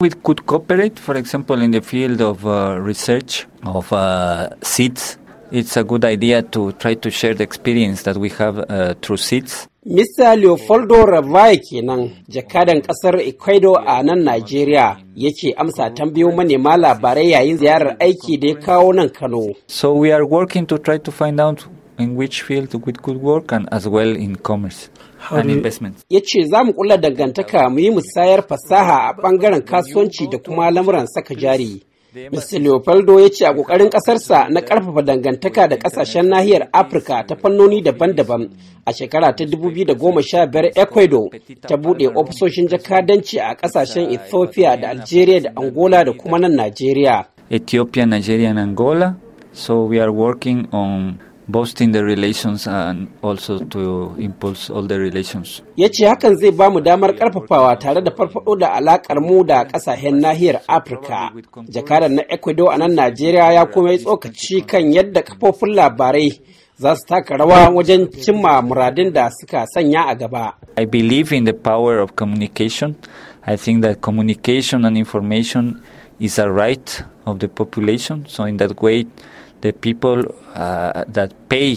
We could cooperate, for example, in the field of uh, research of uh, seeds. It's a good idea to try to share the experience that we have uh, through seeds. Mr. Ravai kenan jakadan kasar Ecuador a nan amsa manema labarai yayin ziyarar aiki da ya kawo nan Kano. So we are working to try to find out in which field we could work and as well in commerce. Ya ce za mu kula dangantaka mu yi musayar fasaha a bangaren kasuwanci da kuma lamuran saka jari. Mr. Leopoldo ya ce a ƙoƙarin ƙasarsa na ƙarfafa dangantaka da ƙasashen nahiyar Afirka ta fannoni daban-daban a shekara ta 2015 Ecuador ta buɗe ofisoshin jakadanci a ƙasashen Ethiopia da Algeria da Angola da kuma nan nigeria. Ethiopia, Nigeria and Angola. So we are working on boosting the relations and also to impulse all the relations. Ya ce hakan zai ba mu damar karfafawa tare da farfado da alakar mu da kasashen nahiyar Afirka. Jakadan na Ecuador a nan Najeriya ya kuma yi tsokaci kan yadda kafofin labarai za su taka rawa wajen cimma muradin da suka sanya a gaba. I believe in the power of communication. I think that communication and information is a right of the population. So in that way the people uh, that pay,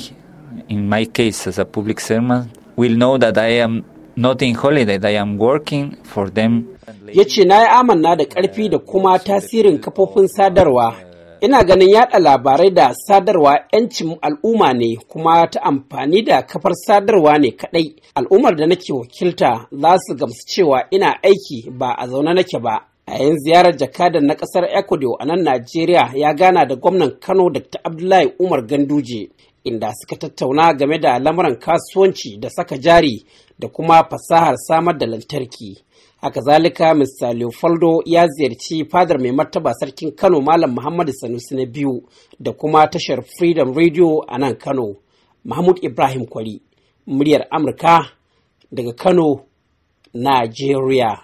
in my case as a public servant, will know that I am not in holiday, I am working for them. Ya ce na yi amanna da ƙarfi da kuma tasirin kafofin sadarwa. Ina ganin yada labarai da sadarwa 'yancin al'umma ne kuma ta amfani da kafar sadarwa ne kaɗai. Al'ummar da nake wakilta za su gamsu cewa ina aiki ba a zaune nake ba. yayin ziyarar jakada na kasar ecuador a nan najeriya ya gana da gwamnan kano dr abdullahi umar ganduje inda suka tattauna game da lamuran kasuwanci da saka jari da kuma fasahar samar da lantarki haka zalika mr leopoldo ya ziyarci fadar mai martaba sarkin kano malam muhammadu sanusi na biyu da kuma tashar freedom radio a nan kano mahmud ibrahim kwari muryar amurka daga kano najeriya